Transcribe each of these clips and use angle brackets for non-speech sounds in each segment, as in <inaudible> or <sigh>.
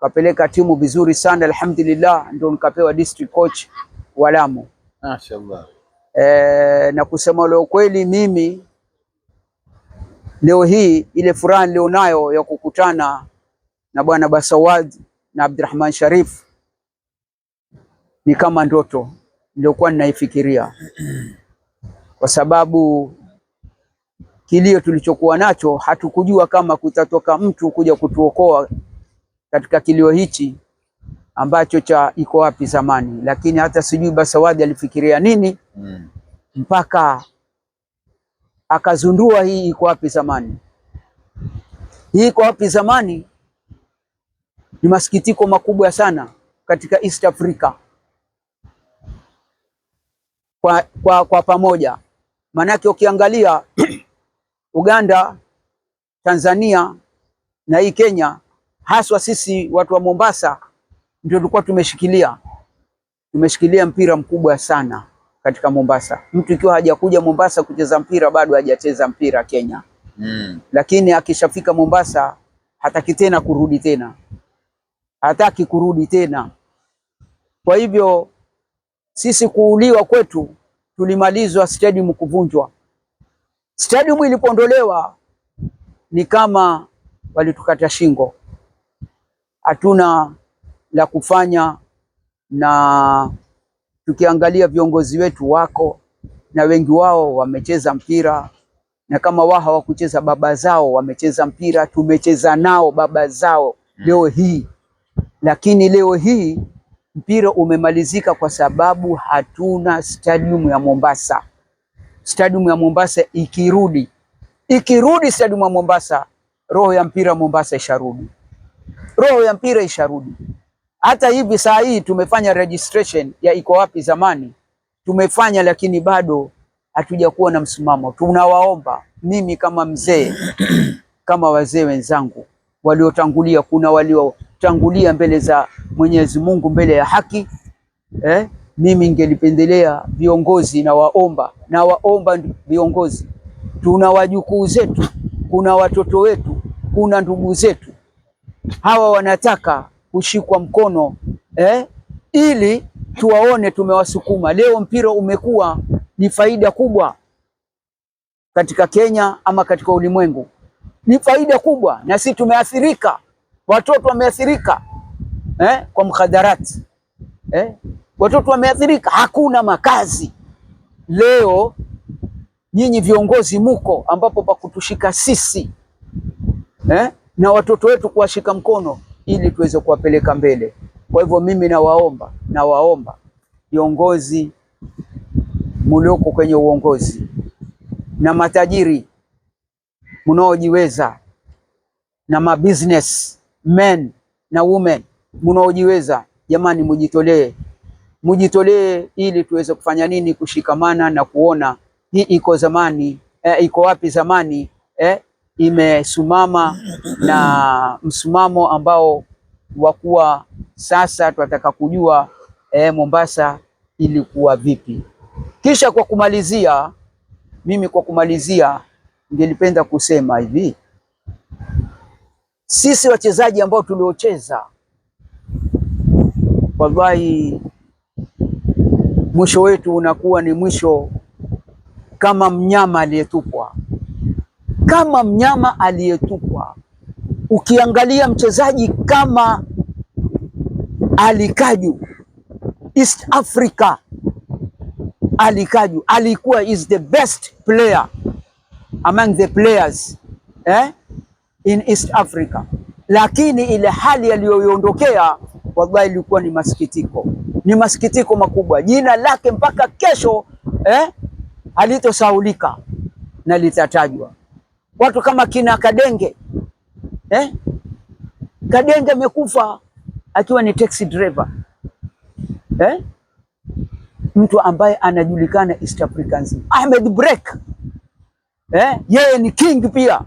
kapeleka timu vizuri sana alhamdulillah, ndio nikapewa district coach wa Lamu. Mashaallah. Eh, na kusema leo kweli mimi leo hii ile furaha nilionayo ya kukutana na bwana Basawad na Abdurrahman Sharif ni kama ndoto niliokuwa ninaifikiria, kwa sababu kilio tulichokuwa nacho hatukujua kama kutatoka mtu kuja kutuokoa katika kilio hichi ambacho cha iko wapi zamani, lakini hata sijui Basawadi alifikiria nini mm. mpaka akazundua hii iko wapi zamani. Hii iko wapi zamani ni masikitiko makubwa sana katika East Africa kwa, kwa, kwa pamoja, maanake ukiangalia <clears throat> Uganda, Tanzania na hii Kenya haswa sisi watu wa Mombasa ndio tulikuwa tumeshikilia tumeshikilia mpira mkubwa sana katika Mombasa. Mtu ikiwa hajakuja Mombasa kucheza mpira bado hajacheza mpira Kenya mm. Lakini akishafika Mombasa hataki tena kurudi tena, hataki kurudi tena. Kwa hivyo sisi kuuliwa kwetu, tulimalizwa stadium kuvunjwa. Stadium ilipoondolewa ni kama walitukata shingo hatuna la kufanya, na tukiangalia viongozi wetu wako na wengi wao wamecheza mpira, na kama wao hawakucheza baba zao wamecheza mpira, tumecheza nao baba zao hmm. leo hii. Lakini leo hii mpira umemalizika kwa sababu hatuna stadium ya Mombasa. Stadium ya Mombasa ikirudi, ikirudi stadium ya Mombasa, roho ya mpira Mombasa isharudi roho ya mpira isharudi. Hata hivi saa hii tumefanya registration ya iko wapi zamani tumefanya, lakini bado hatujakuwa na msimamo. Tunawaomba, mimi kama mzee, <clears throat> kama wazee wenzangu waliotangulia, kuna waliotangulia mbele za Mwenyezi Mungu, mbele ya haki eh? Mimi ngelipendelea viongozi, nawaomba, nawaomba viongozi, tuna wajukuu zetu, kuna watoto wetu, kuna ndugu zetu hawa wanataka kushikwa mkono eh, ili tuwaone tumewasukuma. Leo mpira umekuwa ni faida kubwa katika Kenya ama katika ulimwengu, ni faida kubwa, na sisi tumeathirika, watoto wameathirika eh, kwa mkhadarati eh, watoto wameathirika, hakuna makazi. Leo nyinyi viongozi muko ambapo pa kutushika sisi eh? na watoto wetu kuwashika mkono ili tuweze kuwapeleka mbele. Kwa hivyo mimi nawaomba, nawaomba viongozi mulioko kwenye uongozi na matajiri munaojiweza na mabusiness men na women munaojiweza, jamani, mujitolee, mujitolee ili tuweze kufanya nini? Kushikamana na kuona hii iko zamani eh, iko wapi zamani eh, imesimama na msimamo ambao wa kuwa sasa tunataka kujua e, Mombasa ilikuwa vipi. Kisha kwa kumalizia, mimi kwa kumalizia ningelipenda kusema hivi, sisi wachezaji ambao tuliocheza, wallahi mwisho wetu unakuwa ni mwisho kama mnyama aliyetupwa kama mnyama aliyetupwa. Ukiangalia mchezaji kama Alikaju East Africa, Alikaju alikuwa is the best player among the players eh, in East Africa, lakini ile hali aliyoiondokea wallahi ilikuwa ni masikitiko, ni masikitiko makubwa. Jina lake mpaka kesho eh, halitosaulika na litatajwa watu kama kina Kadenge eh? Kadenge amekufa akiwa ni taxi driver eh? Mtu ambaye anajulikana East Africa Ahmed Break eh? Yeye ni king pia,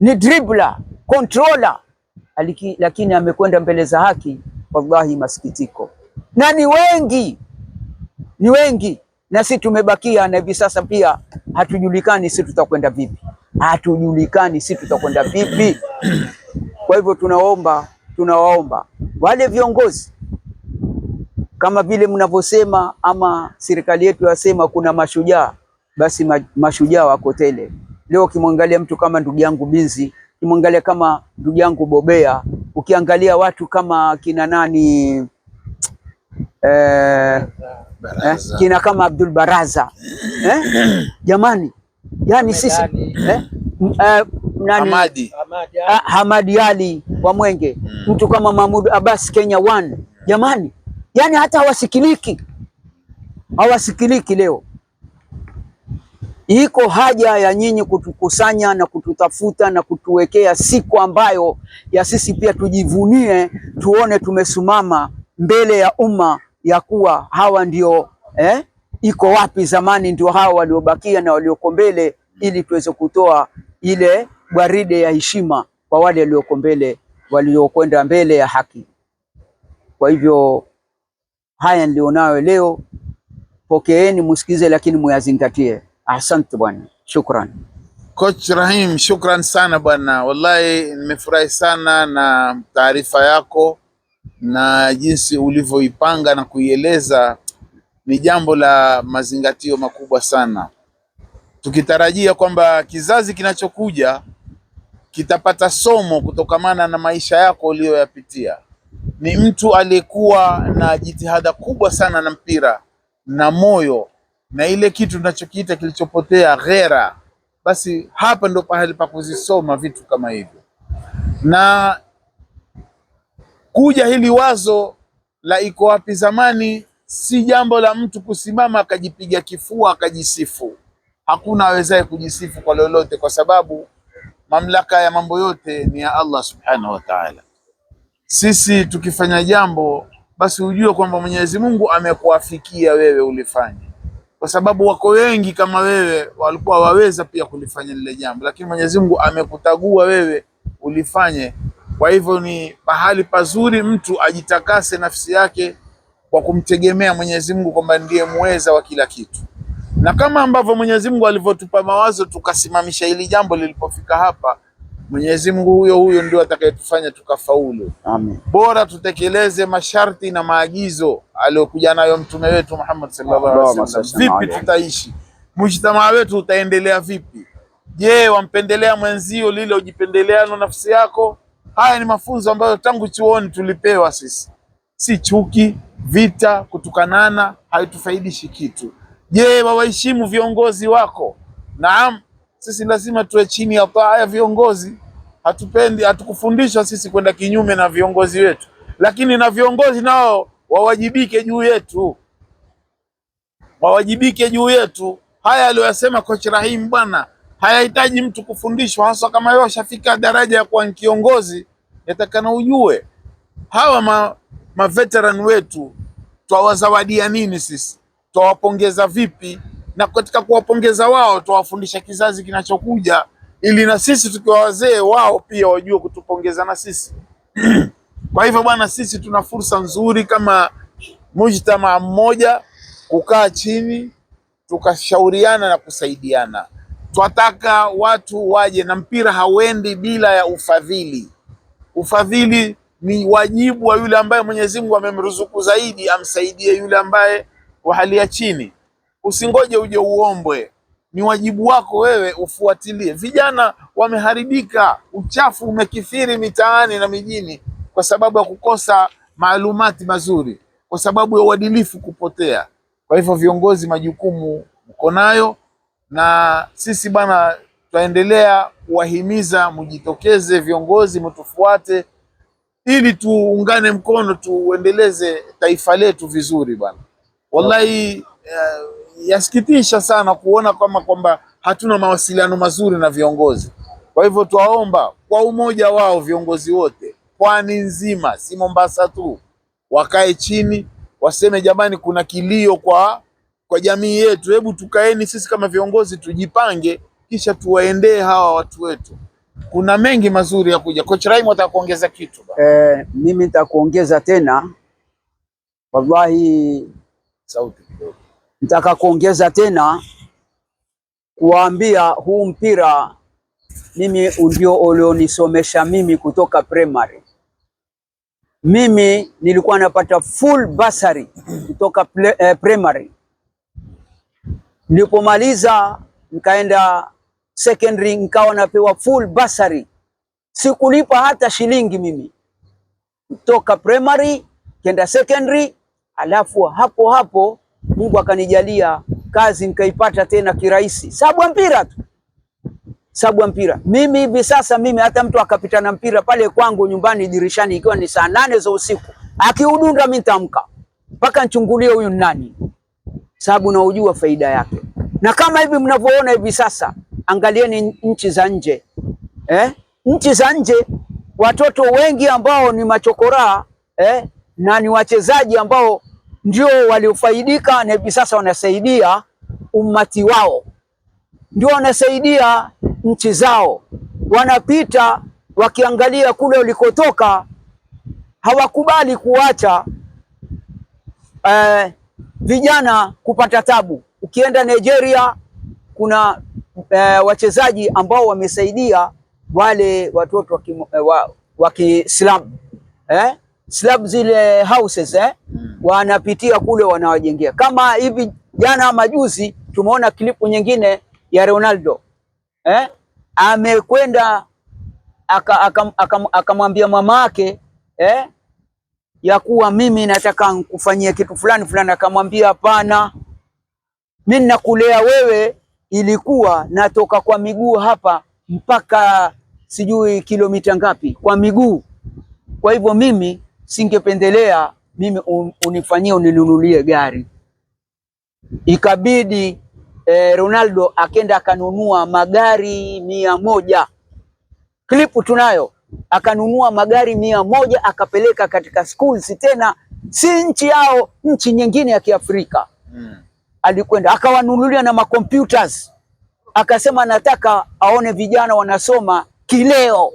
ni dribbler, controller Aliki, lakini amekwenda mbele za haki. Wallahi, masikitiko na ni wengi, ni wengi, na si tumebakia na hivi sasa pia hatujulikani, si tutakwenda vipi hatujulikani, si tutakwenda vipi? Kwa hivyo tunaomba, tunawaomba wale viongozi kama vile mnavyosema ama serikali yetu yasema kuna mashujaa, basi ma, mashujaa wako tele. Leo ukimwangalia mtu kama ndugu yangu Binzi, ukimwangalia kama ndugu yangu Bobea, ukiangalia watu kama kina nani eh, eh, kina kama Abdul Baraza eh? Jamani, yani sisi eh, eh, nani? Hamadi. Hamadi ah, Ali wa Mwenge mm. mtu kama Mahmud Abbas Kenya One jamani, yani hata hawasikiliki, hawasikiliki leo. Iko haja ya nyinyi kutukusanya na kututafuta na kutuwekea siku ambayo ya sisi pia tujivunie, tuone tumesimama mbele ya umma ya kuwa hawa ndio eh? iko wapi zamani, ndio hao waliobakia na walioko mbele, ili tuweze kutoa ile gwaride ya heshima kwa wale walioko mbele, waliokwenda mbele ya haki. Kwa hivyo haya nilionayo leo, pokeeni, musikize, lakini muyazingatie. Asante bwana, shukran. Coach Rahim, shukran sana bwana, wallahi nimefurahi sana na taarifa yako na jinsi ulivyoipanga na kuieleza ni jambo la mazingatio makubwa sana, tukitarajia kwamba kizazi kinachokuja kitapata somo kutokamana na maisha yako uliyoyapitia. Ni mtu aliyekuwa na jitihada kubwa sana na mpira na moyo na ile kitu tunachokiita kilichopotea ghera. Basi hapa ndo pahali pa kuzisoma vitu kama hivyo, na kuja hili wazo la iko wapi zamani si jambo la mtu kusimama akajipiga kifua akajisifu. Hakuna awezaye kujisifu kwa lolote, kwa sababu mamlaka ya mambo yote ni ya Allah subhanahu wa ta'ala. Sisi tukifanya jambo, basi ujue kwamba Mwenyezi Mungu amekuafikia wewe ulifanye, kwa sababu wako wengi kama wewe walikuwa waweza pia kulifanya lile jambo, lakini Mwenyezi Mungu amekutagua wewe ulifanye. Kwa hivyo ni pahali pazuri mtu ajitakase nafsi yake kwa kumtegemea Mwenyezi Mungu kwamba ndiye muweza wa kila kitu, na kama ambavyo Mwenyezi Mungu alivyotupa mawazo tukasimamisha hili jambo lilipofika hapa, Mwenyezi Mungu huyo huyo ndio atakayetufanya tukafaulu. Amen. Bora tutekeleze masharti na maagizo aliyokuja nayo mtume wetu Muhammad sallallahu alaihi wasallam. Vipi tutaishi? Mujtamaa wetu utaendelea vipi? Je, wampendelea mwenzio lile ujipendeleano nafsi yako? Haya ni mafunzo ambayo tangu chuoni tulipewa sisi si chuki, vita, kutukanana, haitufaidishi kitu. Je, wawaheshimu viongozi wako? Naam, sisi lazima tuwe chini ya taa ya viongozi. Hatupendi, hatukufundishwa sisi kwenda kinyume na viongozi wetu, lakini na viongozi nao wawajibike juu yetu, wawajibike juu yetu. Haya aliyoyasema kocha Rahim bwana, hayahitaji mtu kufundishwa, haswa kama yeye ashafika daraja ya kuwa kiongozi, yatakana ujue hawa ma maveterani wetu twawazawadia nini? Sisi twawapongeza vipi? Na katika kuwapongeza wao twawafundisha kizazi kinachokuja, ili na sisi tukiwa wazee wao pia wajue kutupongeza na sisi. <clears throat> Kwa hivyo bwana, sisi tuna fursa nzuri kama mujtamaa mmoja kukaa chini tukashauriana na kusaidiana. Twataka watu waje na mpira hauendi bila ya ufadhili. Ufadhili ni wajibu wa yule ambaye Mwenyezi Mungu amemruzuku zaidi, amsaidie yule ambaye wa hali ya chini. Usingoje uje uombwe, ni wajibu wako wewe ufuatilie. Vijana wameharibika, uchafu umekithiri mitaani na mijini kwa sababu ya kukosa maalumati mazuri, kwa sababu ya uadilifu kupotea. Kwa hivyo, viongozi, majukumu mko nayo, na sisi bana, tutaendelea kuwahimiza mjitokeze, viongozi mtufuate ili tuungane mkono tuendeleze taifa letu vizuri bwana. Wallahi uh, yasikitisha sana kuona kama kwamba hatuna mawasiliano mazuri na viongozi. Kwa hivyo twaomba kwa umoja wao viongozi wote pwani nzima, si Mombasa tu, wakae chini waseme, jamani, kuna kilio kwa kwa jamii yetu, hebu tukaeni sisi kama viongozi tujipange, kisha tuwaendee hawa watu wetu kuna mengi mazuri ya kuja. Coach Raimo atakuongeza kitu eh? Mimi nitakuongeza tena, wallahi sauti kidogo, nitaka kuongeza tena kuwaambia huu mpira mimi ndio ulionisomesha mimi kutoka primary. Mimi nilikuwa napata full basari kutoka eh, primary nilipomaliza nikaenda secondary nikawa napewa full bursary. sikulipa hata shilingi mimi, kutoka primary kenda secondary. Alafu hapo hapo Mungu akanijalia kazi nikaipata tena kirahisi, sababu mpira tu, sababu mpira. Mimi hivi sasa, mimi hata mtu akapita na mpira pale kwangu nyumbani dirishani, ikiwa ni saa nane za usiku, akiudunda mimi nitamka mpaka nchungulie huyu nani, sababu naujua faida yake. Na kama hivi mnavyoona hivi sasa angalieni nchi za nje eh? Nchi za nje watoto wengi ambao ni machokoraa eh? na ni wachezaji ambao ndio waliofaidika na hivi sasa wanasaidia umati wao, ndio wanasaidia nchi zao. Wanapita wakiangalia kule ulikotoka, hawakubali kuacha eh, vijana kupata tabu. Ukienda Nigeria kuna e, wachezaji ambao wamesaidia wale watoto wa eh, Kiislamu eh? Slab zile houses eh? Hmm. Wanapitia kule wanawajengea, kama hivi jana majuzi tumeona klipu nyingine ya Ronaldo eh? Amekwenda akamwambia aka, aka, aka mama eh? ya kuwa mimi nataka nkufanyia kitu fulani fulani, akamwambia hapana, mimi nakulea wewe ilikuwa natoka kwa miguu hapa mpaka sijui kilomita ngapi kwa miguu. Kwa hivyo mimi singependelea mimi unifanyie uninunulie gari. Ikabidi eh, Ronaldo akenda akanunua magari mia moja klipu tunayo, akanunua magari mia moja akapeleka katika schools, tena si nchi yao, nchi nyingine ya Kiafrika hmm alikwenda akawanunulia na makompyutas, akasema nataka aone vijana wanasoma kileo.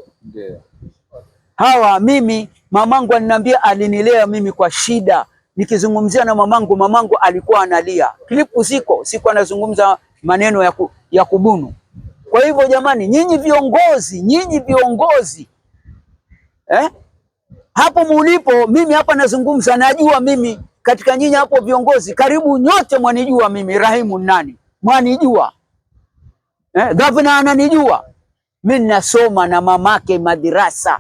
Hawa mimi mamangu aliniambia, alinilea mimi kwa shida. Nikizungumzia na mamangu, mamangu alikuwa analia. Klipu ziko siku anazungumza maneno ya, ku, ya kubunu. Kwa hivyo jamani, nyinyi viongozi, nyinyi viongozi eh? hapo mulipo, mimi hapa nazungumza, najua mimi katika nyinyi hapo viongozi, karibu nyote mwanijua mimi Rahimu nani, mwanijua eh, gavana ananijua mimi, nasoma na mamake madrasa.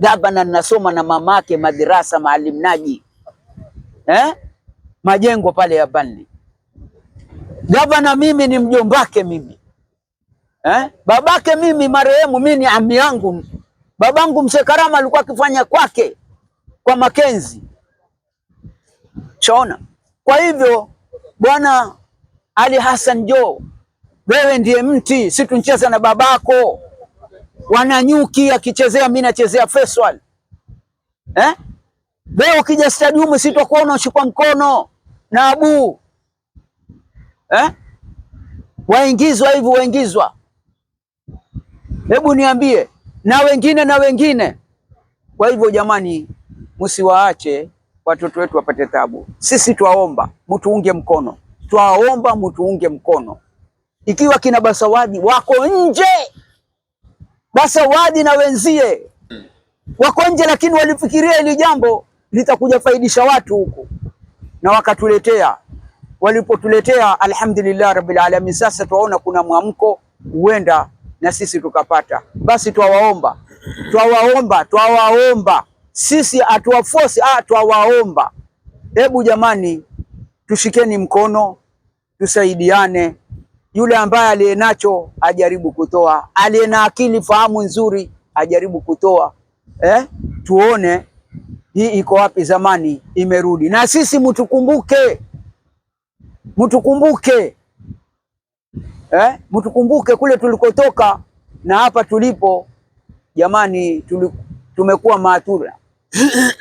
Gavana nasoma na mamake madrasa, Maalim Naji eh, majengo pale ya Bani. Gavana mimi ni mjombake mimi eh, babake mimi marehemu, mimi ni ami yangu. Babangu mzee Karama alikuwa akifanya kwake kwa Makenzi Shaona? Kwa hivyo Bwana Ali Hassan Jo, wewe ndiye mti, si tuncheza na babako. Wananyuki akichezea mimi nachezea Faisal. Eh? Wewe ukija stadium sitakuwa unashikwa mkono na Abu. Eh? Waingizwa hivi waingizwa. Hebu niambie na wengine na wengine. Kwa hivyo jamani, msiwaache watoto wetu wapate tabu. Sisi twaomba mtuunge mkono, twaomba mtuunge mkono. Ikiwa kina Basawadi wako nje, Basawadi na wenzie wako nje, lakini walifikiria hili jambo litakuja faidisha watu huku na wakatuletea. Walipotuletea, alhamdulillah rabbil alamin. Sasa twaona kuna mwamko, huenda na sisi tukapata. Basi twawaomba, twawaomba, twawaomba sisi hatuwaforce ah, twawaomba, hebu jamani, tushikeni mkono, tusaidiane. Yule ambaye aliye nacho ajaribu kutoa, aliye na akili fahamu nzuri ajaribu kutoa eh? Tuone hii iko wapi, zamani imerudi. Na sisi mtukumbuke, mtukumbuke eh? Mtukumbuke kule tulikotoka na hapa tulipo, jamani, tumekuwa maatula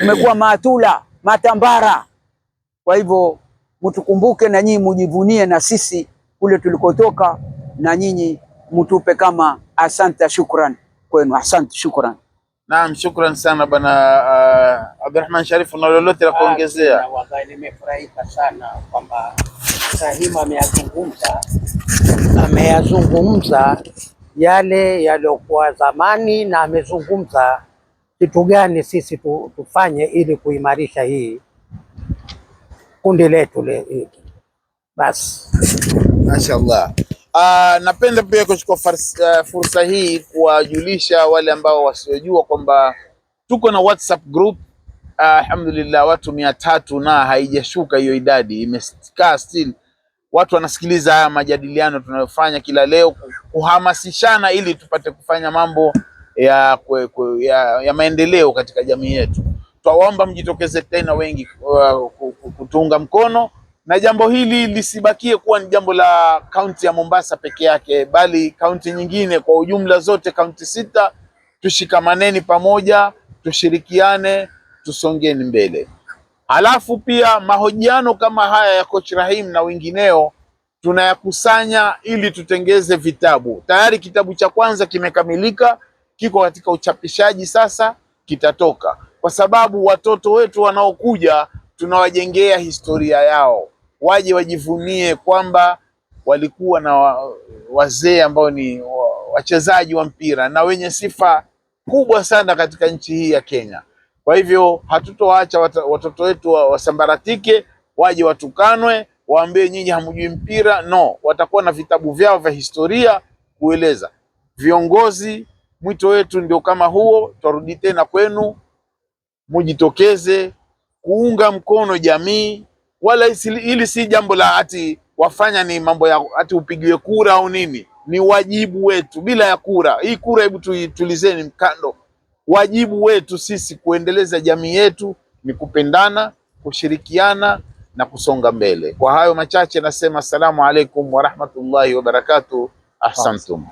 umekuwa maatula matambara. Kwa hivyo mtukumbuke na nyinyi mujivunie na sisi kule tulikotoka, na nyinyi mtupe kama asante, shukran kwenu, asante, shukran. Naam, shukran sana bana uh, Abdurrahman Sharifu, na lolote la ah, kuongezea? Nimefurahika sana kwamba Sahima ameyazungumza, ameyazungumza yale yaliyokuwa zamani na amezungumza kitu gani sisi tu, tufanye ili kuimarisha hii kundi letu le, basi mashaallah. Uh, ah, napenda pia kuchukua uh, fursa hii kuwajulisha wale ambao wasiojua kwamba tuko na WhatsApp group uh, alhamdulillah watu mia tatu na haijashuka hiyo idadi, imekaa still. Watu wanasikiliza haya majadiliano tunayofanya kila leo, kuhamasishana ili tupate kufanya mambo ya, kwe, kwe, ya, ya maendeleo katika jamii yetu. Twawaomba mjitokeze tena wengi uh, kutuunga mkono na jambo hili lisibakie kuwa ni jambo la kaunti ya Mombasa peke yake, bali kaunti nyingine kwa ujumla, zote kaunti sita. Tushikamaneni pamoja, tushirikiane, tusongeni mbele. Halafu pia mahojiano kama haya ya Coach Rahim na wengineo tunayakusanya ili tutengeze vitabu. Tayari kitabu cha kwanza kimekamilika kiko katika uchapishaji sasa, kitatoka kwa sababu watoto wetu wanaokuja tunawajengea historia yao, waje wajivunie kwamba walikuwa na wazee ambao ni wachezaji wa mpira na wenye sifa kubwa sana katika nchi hii ya Kenya. Kwa hivyo hatutowaacha watoto wetu wasambaratike, waje watukanwe, waambie nyinyi hamjui mpira. No, watakuwa na vitabu vyao vya historia kueleza viongozi Mwito wetu ndio kama huo, twarudi tena kwenu, mujitokeze kuunga mkono jamii, wala hili si jambo la ati wafanya ni mambo ya ati upigiwe kura au nini. Ni wajibu wetu bila ya kura hii. Kura hebu tuitulizeni mkando. Wajibu wetu sisi kuendeleza jamii yetu ni kupendana, kushirikiana na kusonga mbele. Kwa hayo machache nasema assalamu alaikum warahmatullahi wabarakatuh. Ahsantum.